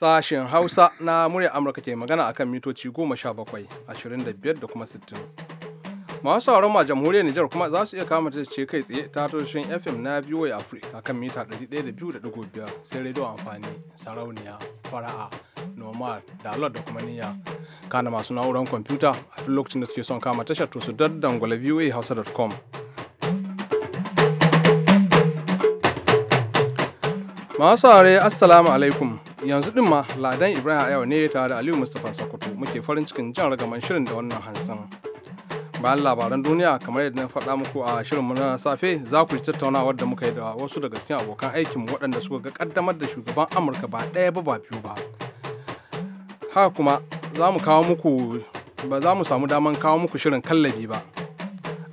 Sashen Hausa na murya Amurka ke magana akan mitoci goma sha bakwai, ashirin da biyar da kuma sittin. masu sauran ma jamhuriyar Nijar kuma za su iya kama ta ce kai tsaye ta tashoshin FM na VOA Africa kan mita 102.5 sai rediyo amfani sarauniya fara'a normal da alot da kuma niyya kana masu na'urar kwamfuta a duk lokacin da suke son kama tashar to su daddangwala voahausa.com masu saurare assalamu alaikum yanzu din ma ladan ibrahim a ne tare da aliyu mustapha sokoto muke farin cikin jan ragaman shirin da wannan hansan. bayan labaran duniya kamar yadda na faɗa muku a shirin shirinmu na safe za ku ji tattaunawar da muka yi da wasu daga cikin abokan aikinmu waɗanda suka ga ƙaddamar da shugaban amurka ba ɗaya ba ba biyu ba haka kuma za mu kawo muku ba za mu samu daman kawo muku shirin kallabi ba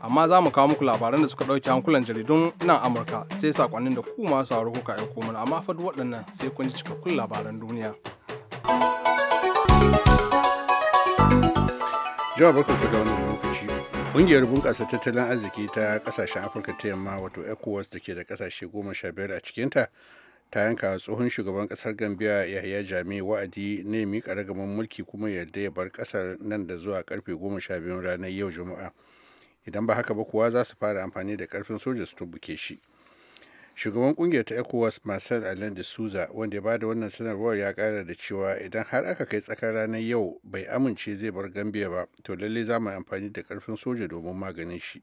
amma za mu kawo muku labaran da suka ɗauki hankulan jaridun nan amurka sai sakonnin da ku masu sauraro kuka aiko mana amma fa waɗannan sai kun ji cikakkun labaran duniya jawab barka da wani lokaci Ƙungiyar bunƙasa tattalin arziki ta ƙasashen Afirka ta yamma wato ECOWAS da ke da ƙasashe goma sha biyar a cikinta ta yanka tsohon shugaban ƙasar Gambia Yahaya Jami wa'adi ne miƙa ragaman mulki kuma yarda ya bar ƙasar nan da zuwa karfe goma sha biyun ranar yau Juma'a. Idan ba haka ba kuwa za su fara amfani da ƙarfin soja su tumbuke shi. shugaban kungiyar ta ecowas marcel allen de souza wanda ya bada wannan sanarwar ya kara da cewa idan har aka kai tsakar ranar yau bai amince zai bar gambia ba to lallai za mu amfani da karfin soja domin maganin shi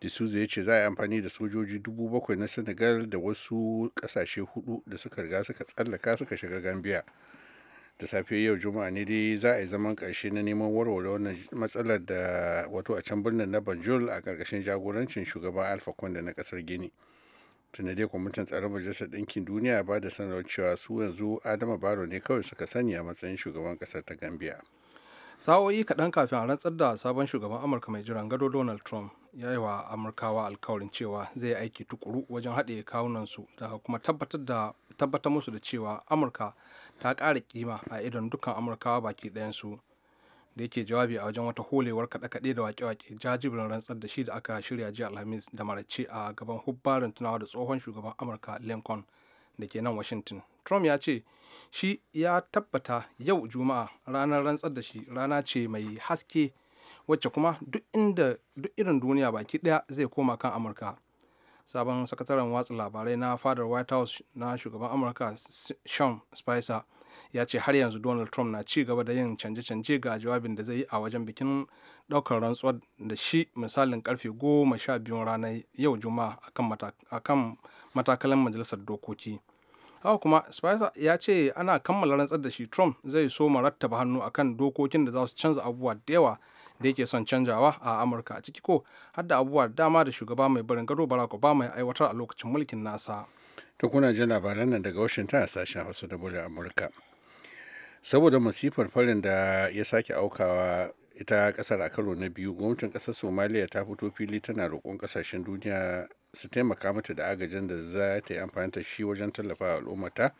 de souza ya ce za a yi amfani da sojoji dubu bakwai na senegal da wasu kasashe hudu da suka riga suka tsallaka suka shiga gambia da safe yau juma'a ne dai za a yi zaman karshe na neman warware wannan matsalar da wato a can birnin na banjul a karkashin jagorancin shugaban alfa konda na kasar gini tuni dai kwamitin tsaron majalisar ɗinkin duniya ba da sanarwar cewa su yanzu adama baro ne kawai suka sani a matsayin shugaban ƙasar ta gambia sa'o'i kaɗan kafin a rantsar da sabon shugaban amurka mai jiran gado donald trump ya yi wa amurkawa alkawarin cewa zai aiki tukuru wajen haɗe kawunansu da kuma tabbatar da tabbatar musu da cewa amurka ta ƙara kima a idon dukkan amurkawa baki ɗayan su da yake jawabi a wajen wata holewar kaɗe-kaɗe da wake-wake jajibirin rantsar da shi da aka shirya jiya alhamis da marace a gaban hubbarin tunawa da tsohon shugaban amurka lincoln da ke nan washington trump ya ce shi ya tabbata yau juma'a ranar rantsar da shi rana ce mai haske wacce kuma duk inda duk irin duniya baki ɗaya zai koma kan amurka sabon sakataren watsa labarai na fadar white house na shugaban amurka sean spicer ya ce har yanzu donald trump na ci gaba da yin canje-canje ga jawabin da zai yi a wajen bikin daukar rantsuwar da shi misalin karfe goma sha biyun ranar yau juma'a akan matakalan majalisar dokoki haka kuma spicer ya ce ana kammala rantsar da shi trump zai so rattaba hannu akan dokokin da za su canza abubuwa da yawa da yake son canjawa a amurka a ciki ko har da abubuwa dama da shugaba mai barin gado barack obama ya aiwatar a lokacin mulkin nasa to kuna jin labaran nan daga Washington a sashen Hausa da Bula Amurka. Saboda masifar farin da ya sake aukawa ita kasar a karo na biyu gwamnatin kasar somaliya ta fito fili tana roƙon kasashen duniya su taimaka mata da agajin da za ta yi amfani da shi wajen tallafa al'ummata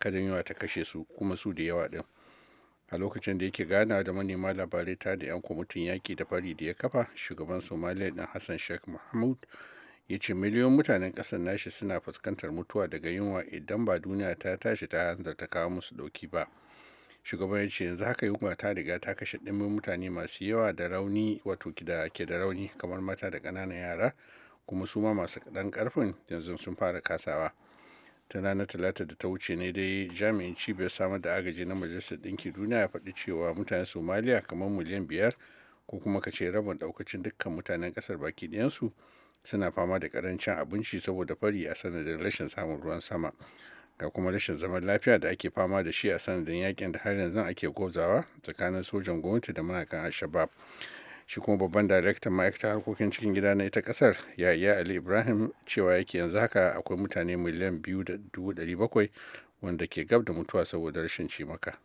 kada yawa ta kashe su kuma su da yawa din a lokacin da yake gana da manema labarai ta da yan kwamitin yaki da fari da ya kafa shugaban somaliya din hassan sheikh mahmud ya ce miliyon mutanen ƙasar nashi suna fuskantar mutuwa daga yunwa idan ba duniya ta tashi ta hanzar ta kawo musu ɗauki ba shugaban ya ce yanzu haka yunwa ta riga ta kashe ɗimbin mutane masu yawa da rauni wato da ke da rauni kamar mata da ƙananan yara kuma su ma masu ɗan ƙarfin yanzu sun fara kasawa ta ranar talata da ta wuce ne dai jami'in cibiyar samar da agaji na majalisar ɗinki duniya ya faɗi cewa mutanen somaliya kamar miliyan biyar ko kuma ka ce rabin ɗaukacin dukkan mutanen ƙasar baki ɗayansu suna fama da karancin abinci saboda fari a sanadin rashin samun ruwan sama ga kuma rashin zaman lafiya da ake fama da shi a sanadin yakin da har yanzu ake gozawa tsakanin sojan gwamnati da mayakan al shi kuma babban daraktan ma'aikatar harkokin cikin gida na ita kasar yaya ali ibrahim cewa yake yanzu haka akwai mutane miliyan biyu da dubu ɗari bakwai wanda ke gab da mutuwa saboda rashin cimaka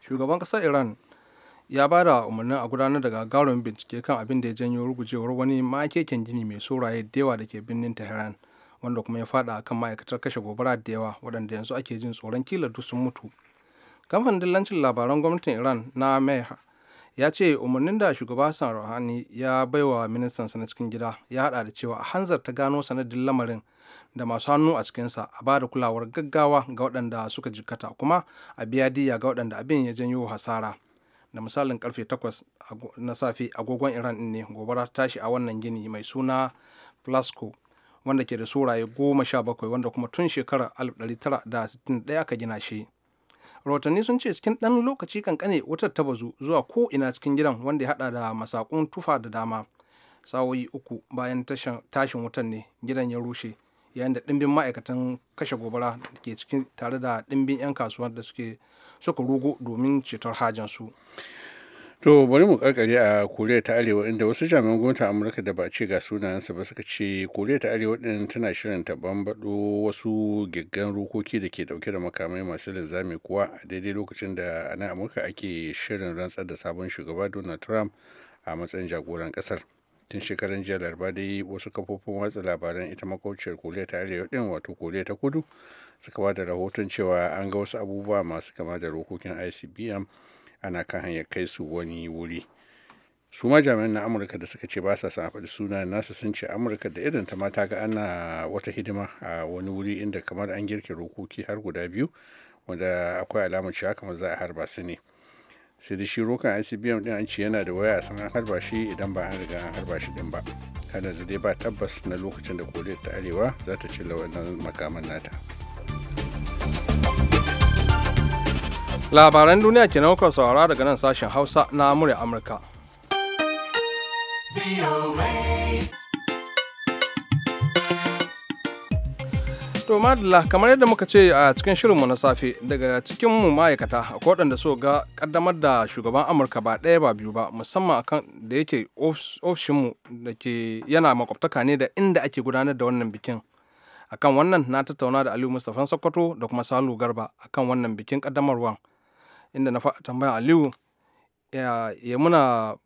shugaban ƙasar iran ya ba da umarnin a gudanar da gagarumin bincike kan abin da ya janyo rugujewar wani makeken gini mai soraye da yawa da ke birnin tehran wanda kuma ya fada kan ma'aikatar kashe gobara da yawa waɗanda yanzu ake jin tsoron kila duk sun mutu kamfanin dillancin labaran gwamnatin iran na meha ya ce umarnin da shugaba hassan rouhani ya baiwa ministan sana cikin gida ya hada da cewa a hanzar ta gano sanadin lamarin da masu hannu a cikinsa a ba da kulawar gaggawa ga waɗanda suka jikkata kuma a biya diya ga waɗanda abin ya janyo hasara da misalin karfe 8 na safe agogon iran ne gobara tashi a wannan gini mai suna plasco wanda ke da suraye goma sha bakwai wanda kuma tun shekarar 1961 aka gina shi rahotanni sun ce cikin ɗan lokaci kankane wutar ta bazu zuwa ko ina cikin gidan wanda ya hada da masakun tufa da dama sa'o'i uku bayan tashin wutan ne gidan ya rushe yayin da ɗimbin ma'aikatan kashe gobara ke cikin tare da ɗimbin 'yan kasuwa da suke suka rugo domin cetar hajansu. to bari mu karkare a koriya ta arewa inda wasu jami'an gwamnatin amurka da ba ce ga sunansa ba suka ce koriya ta arewa din tana shirin ta bambado wasu giggan rokoki da ke dauke da makamai masu linzami kuwa a daidai lokacin da a nan amurka ake shirin rantsar da sabon shugaba donald trump a matsayin jagoran kasar tun shekaran jiya laraba dai wasu kafofin watsa labaran ita makwabciyar koriya ta arewa din wato koriya ta kudu suka ba da rahoton cewa an ga wasu abubuwa masu kama da rokokin icbm ana kan hanyar kai su wani wuri su ma jami'an na amurka da suka ce ba sa son faɗi suna nasu sun ce amurka da irin ta mata ga ana wata hidima a wani wuri inda kamar an girke rokoki har guda biyu wanda akwai alamar cewa kamar za a harba su ne sai da shi rokan icbm din an ce yana da waya sun an harba shi idan ba an riga an harba shi din ba har yanzu dai ba tabbas na lokacin da koriya ta arewa za ta ci wannan makaman nata labaran duniya ke nauka saurara daga nan sashen hausa na murya amurka VOA. To madalla kamar yadda muka ce a cikin shirinmu na safe daga cikinmu ma'aikata akwai waɗanda so ga ƙaddamar da shugaban Amurka ba ɗaya ba biyu ba musamman akan da yake ofishinmu da ke yana makwabtaka ne da inda ake gudanar da wannan bikin. Akan wannan na tattauna da Aliyu Mustapha Sokoto da kuma Salu Garba akan wannan bikin ƙaddamarwa inda na tambaya Aliyu ya muna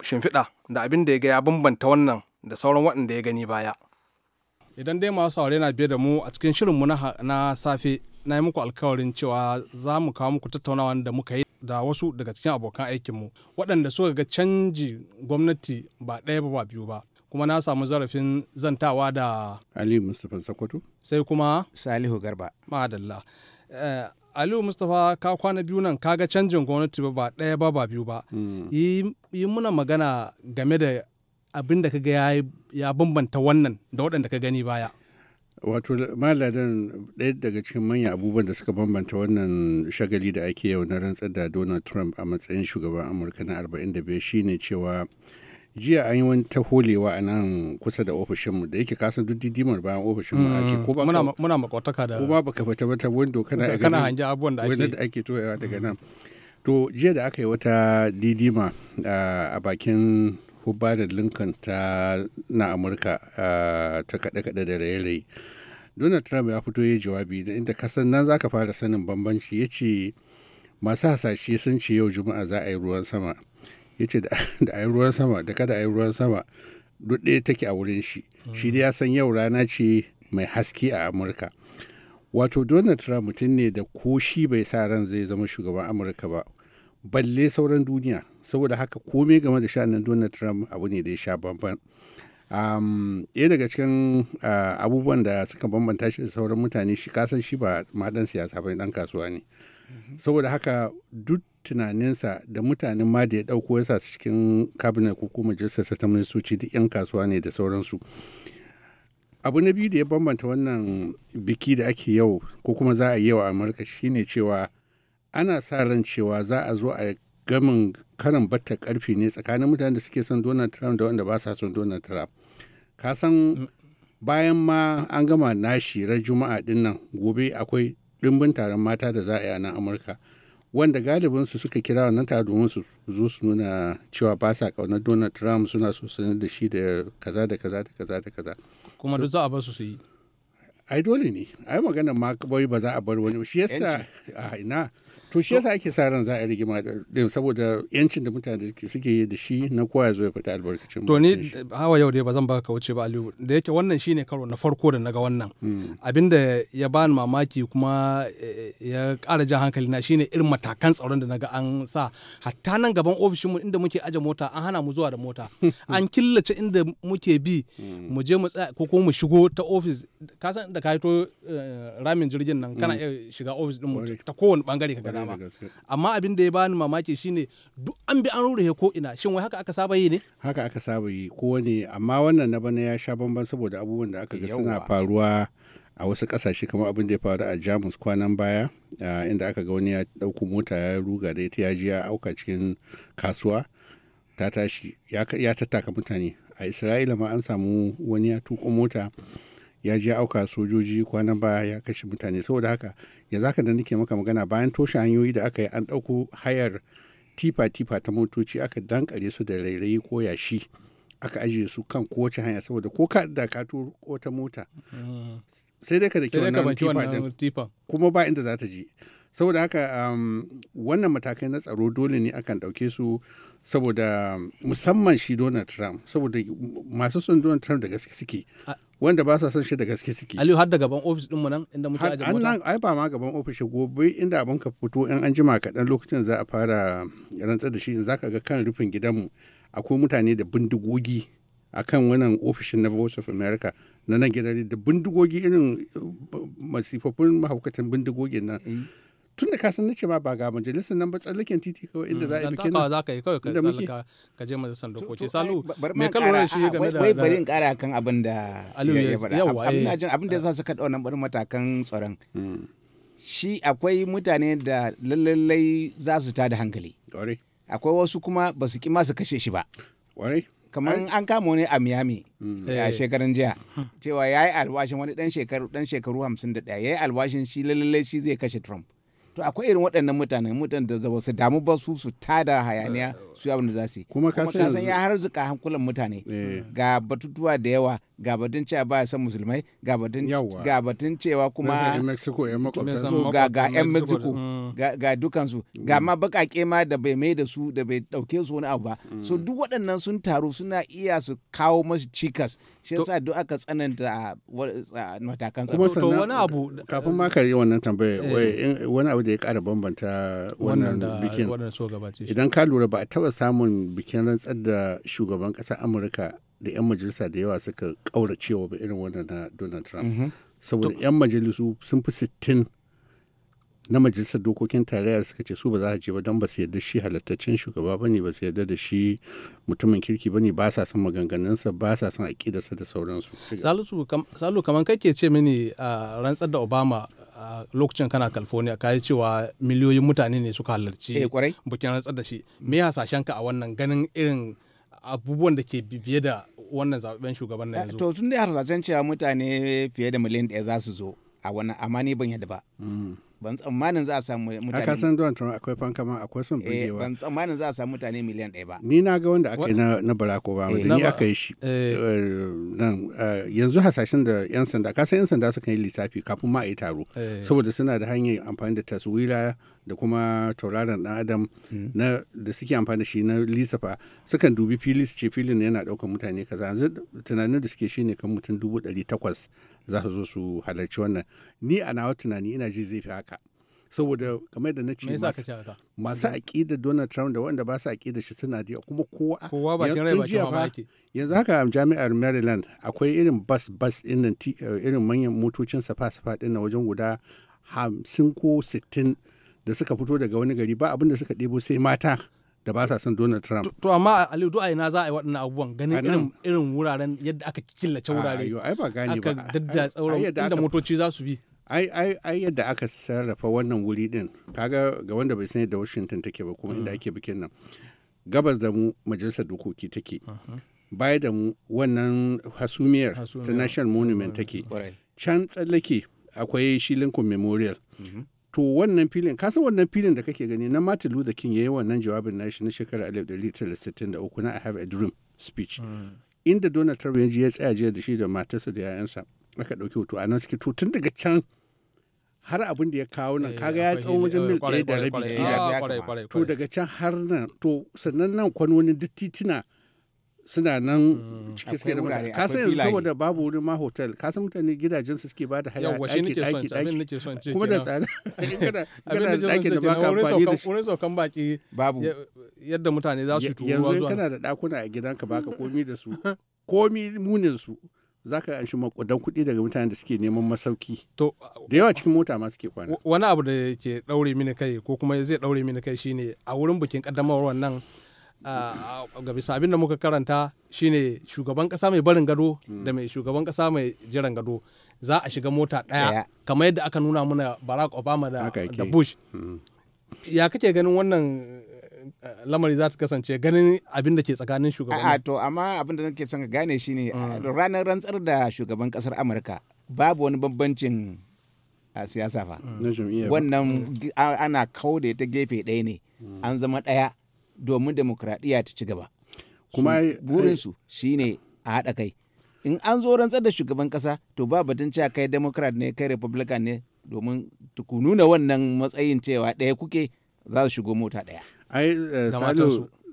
shimfiɗa da abin da ya ga ya bambanta wannan da sauran waɗanda ya gani baya. idan dai masu aure na biye da mu a cikin mu na safe na yi muku alkawarin cewa za mu kawo muku tattaunawa da muka yi da wasu daga cikin abokan aikin mu waɗanda suka ga canji gwamnati ba ɗaya ba ba biyu ba kuma na samu zarafin zantawa da aliyu mustapha sakwato sai kuma salihu garba madalla eh, aliyu mustapha ka kwana biyu nan ka ga canjin gwamnati ba ba ɗaya ba ba biyu ba hmm. yi muna magana game da abin da kaga ya ya bambanta wannan da waɗanda ka gani baya wato maladan ɗaya daga cikin manyan abubuwan da suka bambanta wannan shagali da ake yau na rantsar da donald trump a matsayin shugaban amurka na 45 shine cewa jiya an yi wani taholewa a nan kusa da ofishinmu da yake kasan duk didimar bayan ofishinmu ake ko ba muna makotaka da kuma baka fita ba window kana kana hanji abubuwan da ake wanda ake toyawa daga nan to jiya da aka yi wata didima ah, a bakin hubbard lincoln ta na amurka ta kaɗe-kaɗe da raye-raye donald trump ya fito ya jawabi da inda kasan nan zaka fara sanin bambanci ya ce masu hasashe sun ce yau juma'a za a yi ruwan sama ya ce da a yi ruwan sama da kada a yi ruwan sama duk ɗaya take a wurin shi shi dai ya san yau rana ce mai haske a amurka wato donald trump mutum ne da ko shi bai sa ran zai zama shugaban amurka ba balle sauran duniya saboda haka komai game da sha'anin donald trump abu ne da ya sha bambam ɗaya daga cikin abubuwan da suka bambanta shi da sauran mutane shi kasan shi ba ma siyasa ba ɗan kasuwa ne mhm. saboda haka duk tunaninsa da mutanen ma da ya ɗauko ya sa cikin kabinet ko kuma majalisarsa ta ministoci duk 'yan kasuwa ne da sauransu abu na biyu da ya bambanta wannan biki da ake yau ko kuma za a yi yau a amurka shine cewa ana sa ran cewa za a zo a gamin karin batta karfi ne tsakanin mutanen da suke son donald trump da wanda ba sa son donald trump ka san bayan ma an gama nashi ran juma'a din nan gobe akwai dimbin taron mata da za a yi a nan amurka wanda galibin su suka kira wannan taron domin su zo su nuna cewa ba sa kaunar donald trump suna so sanar da shi da kaza da kaza da kaza da kaza kuma duk za a bar su su yi ai dole ne ai magana ma kawai ba za a bar wani shi yasa a ina to shi yasa ake sa ran za a rigima din saboda yancin da mutane suke da shi na kwaya zo ya fita albarkacin to ni hawa yau dai ba zan baka kauce ba Aliyu da yake wannan shine karo na farko da naga wannan hmm. abinda ya ba ni mamaki kuma eh, ya ƙara jan hankali na shine irin matakan tsaron da naga an sa hatta nan gaban ofishin mu inda muke aje mota an hana mu zuwa da mota an killace inda muke bi hmm. mu je mu tsaya ko mu shigo ta ofis ka san da ka to eh, ramin jirgin nan kana hmm. iya shiga ofis din mu ta kowane bangare ka gada dama amma abin da ya bani mamaki shine duk an bi an rurrufe ko ina shin wai haka aka saba yi ne haka aka saba yi ko ne amma wannan na bana ya sha bamban saboda abubuwan da aka ga suna faruwa a wasu kasashe kamar abin da ya faru a jamus kwanan baya inda aka ga wani ya dauko mota ya ruga da ita ya ji ya auka cikin kasuwa ta tashi ya tattaka mutane a isra'ila ma an samu wani ya tuko mota ya je auka sojoji kwanan baya ya kashe mutane saboda haka ya zaka da nake maka magana bayan toshe hanyoyi da aka yi an ɗauko hayar tifa-tifa ta motoci aka dankare su da rairayi ko yashi aka ajiye su kan kowace hanya saboda ko ka da ka ko ta mota sai dai ka da wannan tifa kuma ba inda za ta je saboda haka um, wannan matakai na tsaro dole ne akan ɗauke su saboda um, musamman shi donald trump saboda masu son donald trump da gaske suke wanda ba sa son shi da gaske suke aliyu har da gaban ofis ɗinmu nan inda muke ajiye mota nan ai ba ma gaban ofis gobe inda abin ka fito in an jima kaɗan lokacin za a fara rantsar da shi za ka ga kan rufin gidanmu akwai mutane da bindigogi a kan wannan ofishin na voice of america na nan gidan da bindigogi irin eh, masifafin mahaukatan bindigogin nan eh. tun da kasan nace ma ba ga majalisar nan ba tsallaken titi kawai inda mm, za a duke nan za ka yi kawai ka tsallaka ka je majalisar dokoki salu mai ka shi game da wai bari in kara kan eh. abin da ya faɗa abin da jin abin da sa suka dau nan barin matakan tsaron hmm. shi akwai mutane da lallai za su tada hankali akwai wasu kuma ba su kima su kashe shi ba kamar an kama wani a miami hmm. a eh. shekaran jiya hmm. cewa ya yi alwashin wani dan shekaru shekaru hamsin da ɗaya ya yi alwashin shi lallai shi zai kashe trump to akwai irin waɗannan mutane mutane da zaba su damu ba su su tada hayaniya eh. su abin da za su yi kuma ka san ya har zuka hankulan mutane eh. ga batutuwa da yawa ga batun cewa ba san musulmai ga batun ga batun cewa kuma ga ga yan Mexico mm. ga dukansu ga ma bakake ma da bai mai da su da bai dauke su wani abu ba mm. so duk waɗannan sun taru suna iya su kawo masu cikas shi yasa duk aka tsananta matakan tsaro wani abu kafin ma ka yi wannan tambaya eh. wani abu da ya kara bambanta wannan bikin idan ka lura ba a taba samun bikin rantsar da shugaban kasar amurka da 'yan majalisa da yawa suka kauracewa ba irin wannan na donald trump mhm. saboda 'yan majalisu sun fi sittin. na majalisar dokokin tarayya suka ce su ba za a je ba don ba su yarda shi halattaccen shugaba ba ne ba su yarda da shi mutumin kirki ba ne ba sa son maganganunsa ba sa son aƙidarsa da sauransu. salu kamar kake ce mini a ah, rantsar da obama lokacin kana california ka yi cewa miliyoyin mutane ne suka halarci eh, bikin rantsar da shi me sashen ka a wannan ganin irin abubuwan da ke biye da wannan zaɓen shugaban na eh, yanzu to tun da hasashen cewa mutane fiye da miliyan ɗaya za su zo a wannan amma ni ban yadda ba mm. ban tsammanin za a samu mutane aka san don Trump akwai fanka ma akwai son eh, bigewa ban tsammanin za a samu mutane miliyan ɗaya ba ni na ga wanda aka yi na barako ba mu eh. ni aka yi shi eh. nan yanzu hasashen da yan sanda ka san yan sanda suka yi lissafi kafin ma a yi taro saboda suna da hanyar amfani da taswira da kuma tauraron dan adam hmm. na da suke amfani da shi na lissafa sukan dubi fili su ce filin yana ɗaukar mutane kaza yanzu tunanin da suke shine kan mutum dubu ɗari takwas za su zo su halarci wannan ni a nawa tunani ina ji zai fi haka saboda kamar da na ce masu da donald trump da wanda ba su da shi suna da kuma kowa kowa ba kin rai ba yanzu haka a jami'ar maryland akwai irin bus bus ɗinnan eh, irin manyan motocin safa safa ɗinnan wajen guda hamsin ko sittin da suka fito daga wani gari ba abin da suka ɗebo sai mata da ba sa son Donald Trump. To amma Aliyu du'a ina za a yi waɗannan abubuwan ganin irin irin wuraren yadda aka killace ah, wurare. Ai ba gane ba. Aka dadda tsauran inda motoci za su bi. Ai ai ai yadda aka sarrafa wannan wuri din kaga ga wanda bai sani da Washington take ba kuma inda mm. ake bikin nan. Gabas da mu majalisar dokoki take. Baya da mu wannan hasumiyar ta National Monument take. Can tsallake akwai shi Lincoln Memorial. Mhm. to wannan filin kasan wannan filin da kake gani na Martin Luther King yayi wannan jawabin nashi na shekarar 1963 na I have a dream speech hmm. inda Donald Trump ya ya tsaya jiya da shi da matarsa da 'ya'yansa aka ɗauki hoto a nan suke to tun daga can har abin da ya kawo nan eh, kaga ya tsawon wajen mil eh, ɗaya da rabi ah, to daga can har nan to sannan nan kwanonin duk titina suna nan mm, cikin suke da mutane ka san yanzu saboda babu wurin ma hotel ka san mutane gidajen su suke bada haya daki daki daki kuma da tsada kada kada daki da baka amfani da shi wurin saukan baki babu yadda mutane za su tuwo zuwa yanzu kana da dakuna a gidanka baka komi da su komi munin su za ka anshi makudan kuɗi daga mutanen da suke neman masauki to da yawa cikin mota ma suke kwana wani abu da yake daure mini kai ko kuma zai daure mini kai shine a wurin bikin kaddamarwar nan Ah, ga bisa abin da muka karanta shine shugaban kasa mai barin gado da mai shugaban kasa mai jiran gado za a shiga mota ɗaya kamar yadda aka nuna muna barack obama da bush hmm. ya kake ganin wannan eh, lamari za ta kasance ganin abin da ke tsakanin shugaban a to amma abin da nake son ka gane shine hmm. ah, ranar rantsar da shugaban kasar amurka babu wani bambancin a ah, siyasa fa hmm. wannan ana kaude ta gefe daya ne an zama ɗaya domin demokradiyya ta ci gaba kuma burinsu shi ne a haɗa kai in an zo rantsar da shugaban ƙasa to ba batun cewa kai democrat ne kai republican ne domin ku nuna wannan matsayin cewa ɗaya kuke za su shigo mota ɗaya ai eh,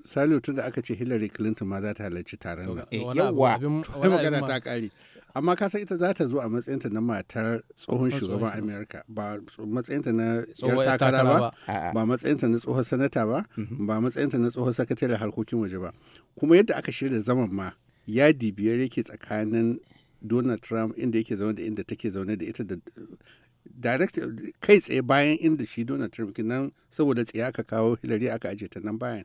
salo tun da aka ce hillary clinton ma za ta halarci taron nan yawa to magana ta kare amma ka san ita za ta zo a matsayinta na matar tsohon shugaban amerika ba matsayinta na yar takara ba ba matsayinta na tsohon sanata ba mm-hmm. ba matsayinta na tsohon sakataren harkokin waje ba kuma yadda aka shirya zaman ma ya dibiyar yake tsakanin donald trump inda yake zaune da inda take zaune da ita da direct kai tsaye bayan inda shi donald trump nan saboda tsaye aka kawo hillary aka ajiye ta nan bayan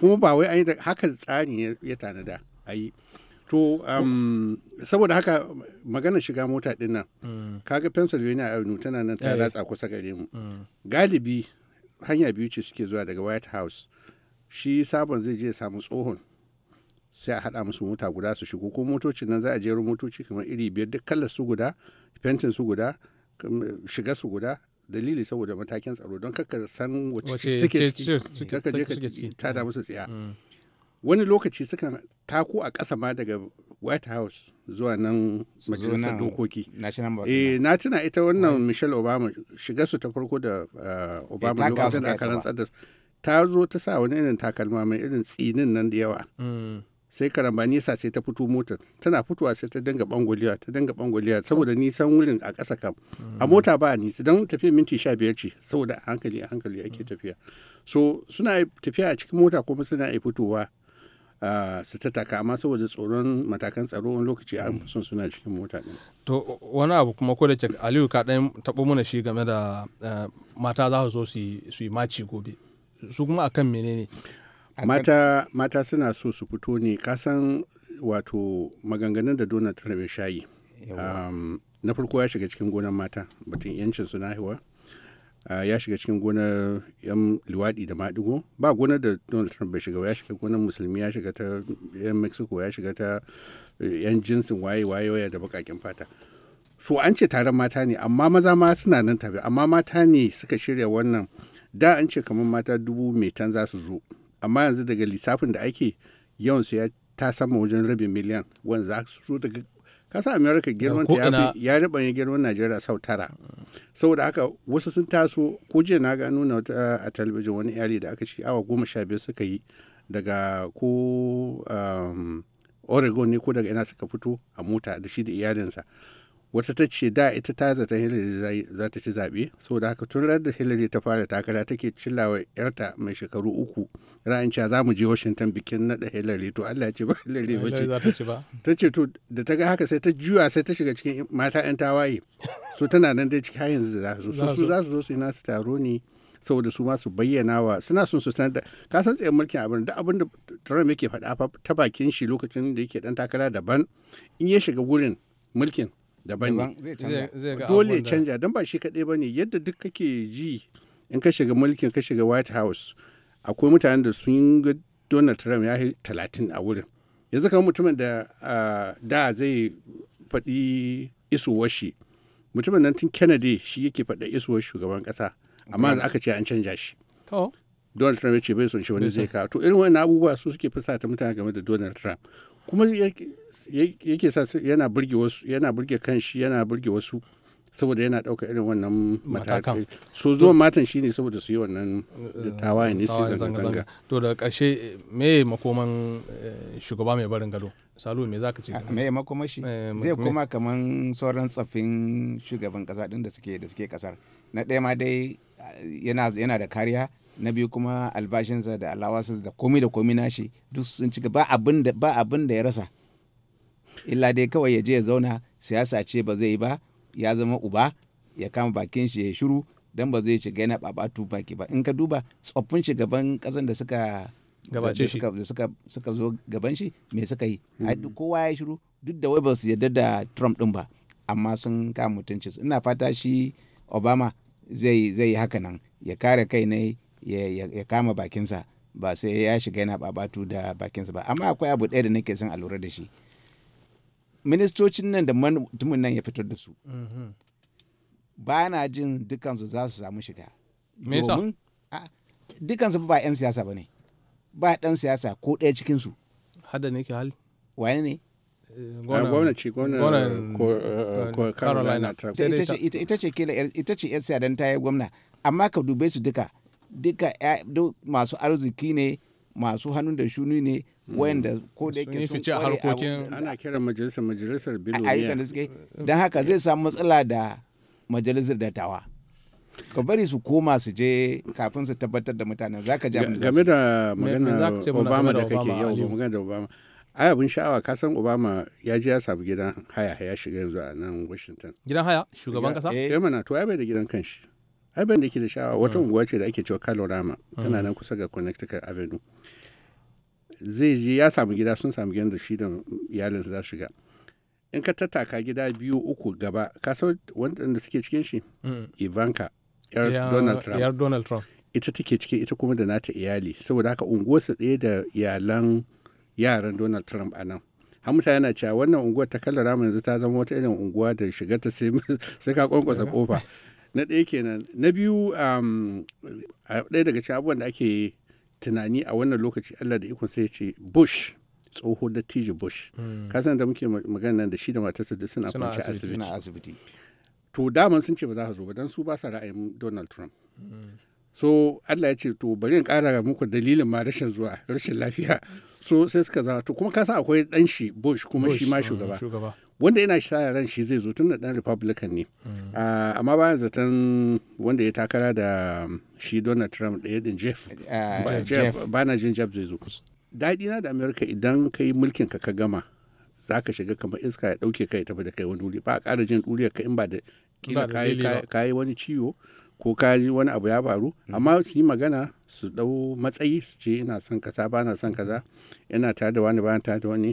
kuma ba wai da haka tsari ne ya tanada a yi to um, saboda haka magana shiga mota din nan mm. kaga pennsylvania avenue tana nan ta eh. ratsa kusa gare mu mm. galibi hanya biyu ce suke zuwa daga white house shi sabon zai je samu tsohon sai a haɗa musu mota guda su shigo ko motocin nan za a jero motoci kamar iri biyar duk kallar su guda fentin su guda shiga su guda dalili saboda matakin tsaro don kaka san wace suke ciki kaka je ka tada musu tsaya mm. wani lokaci sukan tako a ƙasa ma daga white house zuwa nan majalisar dokoki eh, na tuna ita wannan michelle obama shiga su ta farko da eh, eh, obama lokacin da aka rantsar da ta zo ta sa wani irin takalma mai irin tsinin nan da yawa mm. sai karamba nisa sai ta fito mota tana fitowa sai ta danga bangolewa ta danga bangolewa saboda nisan wurin a ƙasa kam a mota ba nisa don tafiya minti sha biyar ce saboda a hankali a hankali ake tafiya so suna tafiya a cikin mota kuma suna iya fitowa su ta taka amma saboda tsoron matakan tsaro wani lokaci an sun suna cikin mota ne. to wani abu kuma ko da ke aliyu ka ɗan taɓo mana shi game da eh, mata za su zo su yi maci gobe su kuma akan menene mata mata suna so su fito ne kasan wato maganganun da donald trump ya shayi um, na farko ya shiga cikin gonar mata batun yancin su haihuwa uh, ya shiga cikin gonar yan luwaɗi da maɗigo ba gonar da donald trump bai shiga ya shiga gonar musulmi ya shiga ta yan mexico ya shiga ta eh, yan jinsin waye waye da baƙaƙen fata so an ce taron mata ne amma maza ma suna nan tafi amma mata ne suka shirya wannan da an ce kamar mata dubu mai tan za su zo amma yanzu daga lissafin da ake yawansu ya ta sama wajen rabin miliyan wanda za su daga kasa america girman ta ya ribanye girman najeriya sau tara saboda haka wasu sun taso ko jiya na ga nuna a talabijin wani iyali da aka ci awa goma sha biyu suka yi daga ko um, oregon ne ko daga ina suka fito a mota da shi da iyalinsa wata ta ce da ita ta zata hillary za ta ci zaɓe saboda haka tun da hillary ta fara takara take cillawa yarta mai shekaru uku ra'ayin cewa za mu je washington bikin naɗa hillary to allah ya ce ba hillary ba ce ta ce to da ta ga haka sai ta juya sai ta shiga cikin mata 'yan tawaye so tana nan dai cikin hayan da za su su za su zo su yi nasu taro ne saboda su ma su bayyana wa suna son su sanar da ka san tsayin mulkin abin da abin da trump yake faɗa ta bakin shi lokacin da yake dan takara daban in ya shiga gurin mulkin daban ne dole canja don ba shi kaɗai ba ne yadda duk kake ji in ka shiga mulkin ka shiga white house akwai mutanen da sun ga donald trump ya yi talatin a wurin yanzu kamar mutumin da da zai faɗi isowar shi mutumin nan tun kennedy shi yake faɗa isowar shugaban ƙasa amma aka ce an canja shi donald trump ya ce bai son shi wani zai kawo to irin wani abubuwa su suke fusata mutane game da donald trump kuma yake sa yana burge wasu yana burge kanshi yana burge wasu saboda yana ɗauka irin wannan matakan so zuwan matan shi ne saboda su yi wannan tawayen ne su zanga-zanga to da ƙarshe me makoman eh, shugaba mai barin gado salu me zaka ce ah, me makoman shi zai koma kaman sauran tsaffin shugaban kasa din da suke da suke kasar na ɗaya ma dai ah, yana da kariya na biyu kuma albashinsa da alawarsa da komi da komi nashi duk sun cika ba abin da ya rasa illa dai kawai ya je ya zauna siyasa ce ba zai yi ba ya zama uba ya kama bakin shi ya shiru dan ba zai shiga yana babatu baki ba in ka duba tsoffin shugaban kasan da suka suka zo gaban shi me suka yi hmm. kowa ya shiru duk da wai ba su yarda da Trump din ba amma sun kama mutunci ina fata shi Obama zai zai haka nan ya kare kai ne ya kama bakinsa ba sai ya shiga yana babatu da bakinsa ba amma akwai abu ɗaya da nake son a lura da shi ministocin nan da mutumin nan ya fitar da su mhm. ba na jin dukansu za su samu shiga me yasa dukansu ba 'yan siyasa ba ne ba ɗan siyasa ko ɗaya cikinsu hada ne ke hali wani ne gwamnati gwamnan carolina ita ce kila ita ce yan siyadan ta yi gwamna amma ka dube su duka duka masu arziki ne masu hannun da shuni ne hmm. wayanda ko da yake sun kware harkokin ana kira majalisar majalisar biloniya da suke don haka zai samu matsala da majalisar dattawa ka bari su koma su je kafin su tabbatar da mutane za ka ja game da magana obama da kake yau magana da obama ai abin sha'awa ka san obama ya je ya samu gidan haya ya shiga yanzu a nan washington gidan haya shugaban kasa eh. eh mana to ya bai da gidan kanshi abin da ke da sha'awa wata ah. unguwa ce da ake cewa kalorama tana ah. nan kusa ga connecticut avenue zai je ya samu gida sun samu gidan da shi da iyalinsa za shiga in ka tattaka gida biyu uku gaba ka san wanda suke cikin shi mm. ivanka yar donald trump yar donald trump ita take ciki ita kuma da nata iyali saboda haka unguwarsa ɗaya da iyalan yaran donald trump a nan har mutane na cewa wannan unguwar ta kalorama yanzu ta zama wata irin unguwa da shiga ta sai ka kwankwasa eh. kofa na ɗaya kenan na biyu um, a ɗaya daga cikin abubuwan da ake tunani a wannan lokaci allah da ikon sai ce bush tsoho da tiji bush hmm. kasan da muke magana da shi da matarsa da suna kwanci asibiti to daman sun ce ba za ka zo ba don su ba sa ra'ayin donald trump hmm. so allah ya ce to bari in kara muku dalilin ma rashin zuwa rashin lafiya so sai suka zama to kuma kasan akwai dan shi bush kuma shi ma hmm, shugaba wanda yana sa ran shi zai zo tun da dan republican ne mm. ah, amma bayan zaton wanda ya takara da shi donald trump da din jeff ah, bana jin jeff zai zo daɗi na da america idan ka yi mulkin ka ka gama za ka shiga kamar iska ya ɗauke ka ya tafi da kai wani wuri ba a ƙara jin ɗuriyar ka in ba da kila ka yi wani ciwo ko ka yi wani abu ya faru mm. amma su yi magana su ɗau matsayi su ce ina son kaza ba na son kaza ina tare da wani bayan tare da wani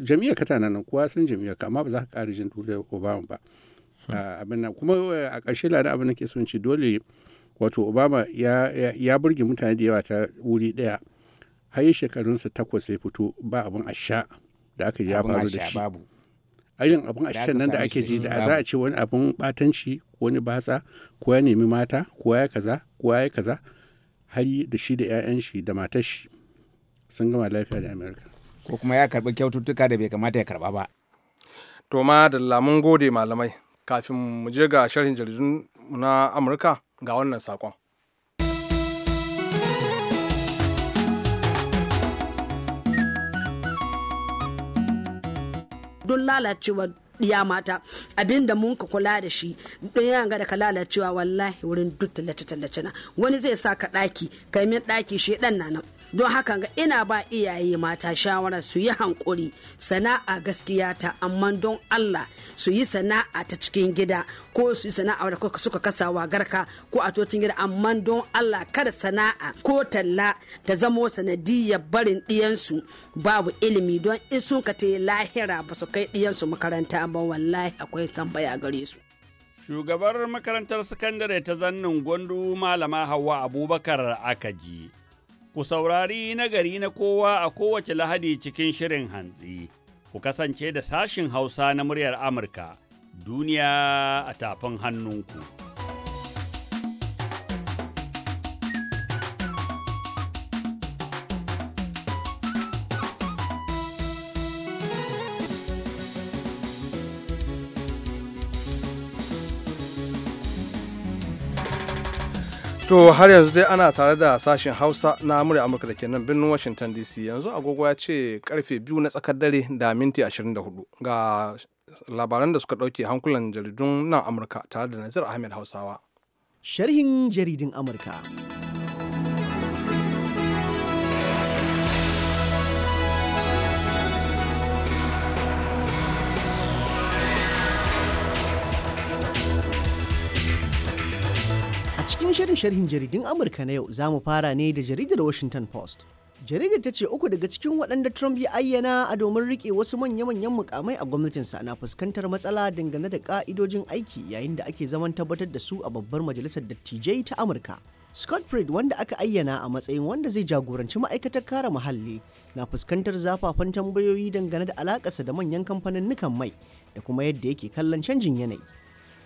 jami'a ka tana nan kowa san jami'a ka amma ba za ka ƙara jin turai obama ba hmm. ah, abin kuma eh, a ƙarshe lada abin da ke son ci dole wato obama ya burge mutane da yawa ta wuri ɗaya har yi shekarunsa takwas ya fito ba abin a sha da aka ji ya faru da shi irin abin a sha nan da ake ji da za a ce wani abin batanci wani batsa ko ya nemi mata ko ya kaza ko ya kaza har da shi da 'ya'yan shi da matar shi sun gama lafiya da amerika ko kuma ya karɓi kyaututtuka da bai kamata ya karɓa ba to ma da lamun gode malamai kafin mu je ga sharhin jaridun na amurka ga wannan sakon don lalacewa ɗiya mata abin da mun ka kula da shi ɗaya ga da ka lalacewa wallahi wurin duk tallace-tallace na wani zai sa ka ɗaki kai min ɗaki shi ɗan na nan don haka ga ina ba iyaye mata shawarar su yi hankuri sana'a gaskiya ta amma don Allah su yi sana'a ta cikin gida ko su yi sana'a da suka wa garka ko a tocin gida amma don Allah kada sana'a ko talla ta zamo sanadiyar barin ɗiyansu babu ilimi don in sun ka lahira ba su kai ɗiyansu makaranta ba wallahi akwai tambaya gare su. Shugabar makarantar sakandare ta zannin gwandu malama Hauwa Abubakar Akaji. ku saurari nagari na kowa a kowace lahadi cikin shirin hantsi. Ku kasance da sashin Hausa na muryar Amurka, duniya a tafin hannunku. To har yanzu dai ana tare da sashen Hausa na murya Amurka da ke nan birnin Washington DC yanzu agogo ya ce karfe biyu na tsakar dare da minti 24 ga labaran da suka ɗauke hankulan jaridun nan Amurka tare da Nazir Ahmed Hausawa. Sharhin jaridun Amurka. cikin shirin sharhin jaridun Amurka na yau za mu fara ne da jaridar Washington Post. Jaridar ta ce uku daga cikin waɗanda Trump ya ayyana a domin riƙe wasu manya-manyan mukamai a gwamnatinsa na fuskantar matsala dangane da ƙa'idojin aiki yayin da ake zaman tabbatar da su a babbar majalisar dattijai ta Amurka. Scott Pruitt wanda aka ayyana a matsayin wanda zai jagoranci ma'aikatar kare muhalli na fuskantar zafafan tambayoyi dangane da alakarsa da manyan kamfanin nukan mai da kuma yadda yake kallon canjin yanayi.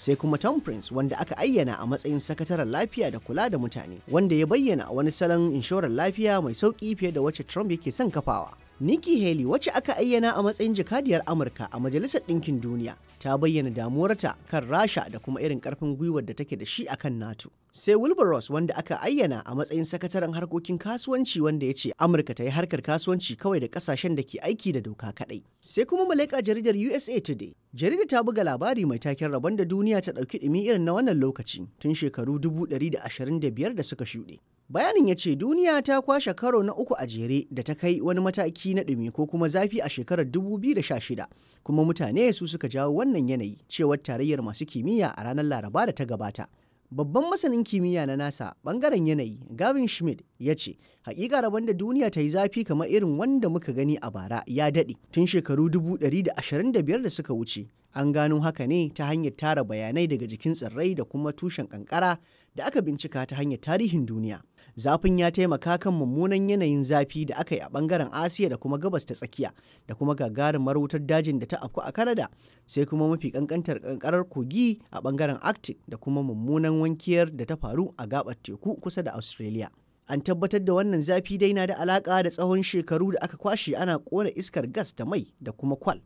sai kuma Tom Prince wanda aka ayyana a matsayin sakataren lafiya da kula da mutane wanda ya bayyana wani salon inshorar lafiya mai sauki fiye da wacce Trump yake son kafawa. Nikki Haley wacce aka ayyana a matsayin jakadiyar Amurka a Majalisar Ɗinkin Duniya ta bayyana damuwarta kan Rasha da kuma irin ƙarfin gwiwar da take da shi a kan NATO. Sai Wilbur Ross wanda aka ayyana a matsayin sakataren harkokin kasuwanci wanda ya ce Amurka ta yi harkar kasuwanci kawai da ƙasashen da ke aiki da doka kaɗai. Sai kuma malaika jaridar USA Today. Jarida ta buga labari mai taken rabon da duniya ta ɗauki ɗumi irin na wannan lokaci tun shekaru 125 da suka shuɗe. bayanin ya ce duniya ta kwashe karo na uku a jere da ta kai wani mataki na ɗumi ko kuma zafi a shekarar 2016 kuma mutane su suka jawo wannan yanayi cewar tarayyar masu kimiyya a ranar laraba da ta gabata babban masanin kimiyya na nasa bangaren yanayi gavin schmidt ya ce hakika rabon da duniya ta yi zafi kamar irin wanda muka gani a bara ya daɗe tun shekaru 125 da suka wuce an gano haka ne ta hanyar tara bayanai daga jikin tsirrai da kuma tushen kankara da aka bincika ta hanyar tarihin duniya zafin ya taimaka kan mummunan yanayin zafi da aka yi a bangaren asiya da kuma gabas ta tsakiya da kuma gagarin wutar dajin da ta afku a kanada sai kuma mafi kankantar kankarar kogi a bangaren arctic da kuma mummunan wankiyar da ta faru a gabar teku kusa da australia an tabbatar da wannan zafi dai na da alaka da tsawon shekaru da aka kwashe ana kona iskar gas da mai da kuma kwal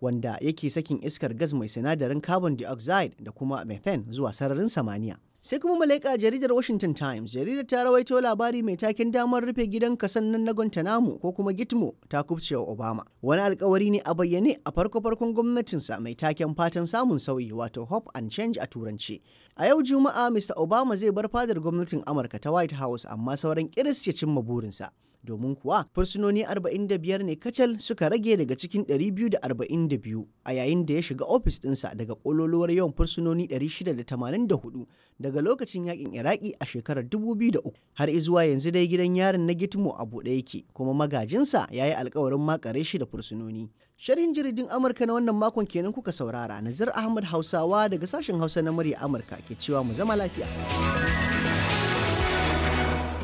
wanda yake sakin iskar gas mai sinadarin carbon dioxide da kuma methane zuwa sararin samaniya sai kuma malaika jaridar washington times jaridar ta rawaito labari mai taken damar rufe gidan kasan nan na guantanamo ko kuma gitmo ta kubcewa obama wani alkawari ne a bayyane a farko farkon gwamnatinsa mai taken fatan samun sauyi wato hope and change a turanci A yau Juma'a Mr. Obama zai bar fadar gwamnatin Amurka ta White House amma sauran kiris ya cimma burinsa. Domin kuwa fursunoni 45 ne kacal suka rage daga cikin 242 a yayin da ya shiga ofis dinsa daga ƙololuwar yawan fursunoni 684 daga lokacin yakin Iraki a shekarar 2003 har izuwa yanzu dai gidan yarin na Gitmo a buɗe yake kuma magajinsa ya yi alkawarin makare shi da fursunoni. Sharhin jaridin Amurka na wannan makon kenan kuka saurara Nazir Ahmad Hausawa daga sashen Hausa na murya Amurka ke cewa mu zama lafiya.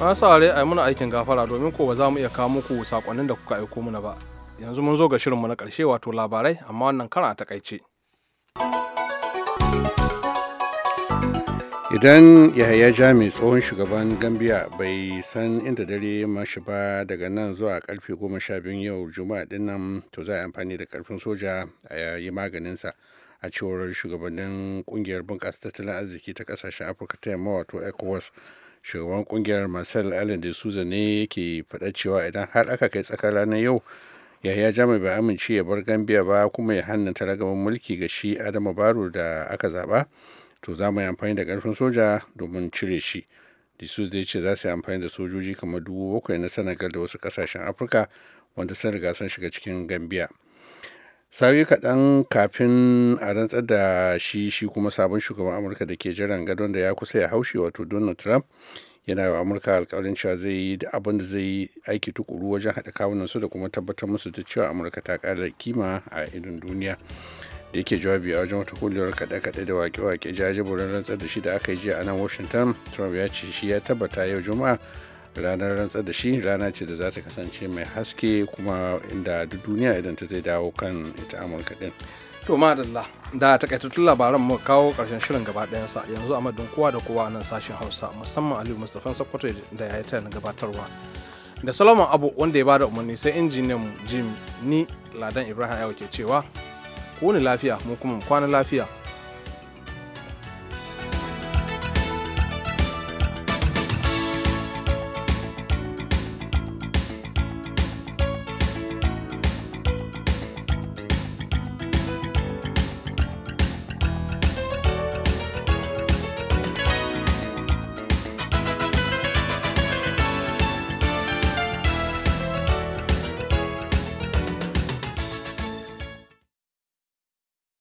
An sa rai yi muna aikin gafara domin ko ba za mu iya kawo muku sakonnin da kuka aiko mana ba. Yanzu mun zo ga shirin mu na karshe wato labarai amma wannan kara a takaice. idan yahaya jami tsohon shugaban gambia bai san inda dare mashi ba daga nan zuwa karfe goma sha biyun yau juma'a din nan to za a amfani da karfin soja a yi maganinsa a cewar shugabannin kungiyar bunƙasa tattalin arziki ta kasashen afirka ta yamma wato ecowas shugaban kungiyar marcel allen de souza ne yake faɗa cewa idan har aka kai tsakar ranar yau yahaya jami bai amince ya bar gambia ba kuma ya hannun ragaban mulki ga shi adama baro da aka zaɓa to za mu yi amfani da karfin soja domin cire shi su zai ce za su yi amfani da sojoji kamar dubu bakwai na senegal da wasu kasashen afirka wanda sun riga sun shiga cikin gambia sauyi kaɗan kafin a rantsar da shi shi kuma sabon shugaban amurka da ke jiran gadon da ya kusa ya haushe wato donald trump yana yi amurka alkawarin cewa zai yi da abin da zai yi aiki tukuru wajen haɗa kawunan su da kuma tabbatar musu da cewa amurka ta ƙara kima a idon duniya da yake jawabi a wajen wata kuliyar kaɗe-kaɗe da wake-wake jajiburin rantsar da shi da aka yi jiya a nan washington trump ya ce shi ya tabbata yau juma'a ranar rantsar da shi rana ce da za ta kasance mai haske kuma inda duk duniya idan ta zai dawo kan ita amurka din to madalla da takaitattun labaran mu kawo karshen shirin gaba sa yanzu a madun kowa da kowa nan sashen hausa musamman aliyu mustapha sokoto da ya yi ta gabatarwa da solomon abu wanda ya bada umarni sai injiniyan jim ni ladan ibrahim ayo ke cewa ku wuni lafiya mu kuma kwana lafiya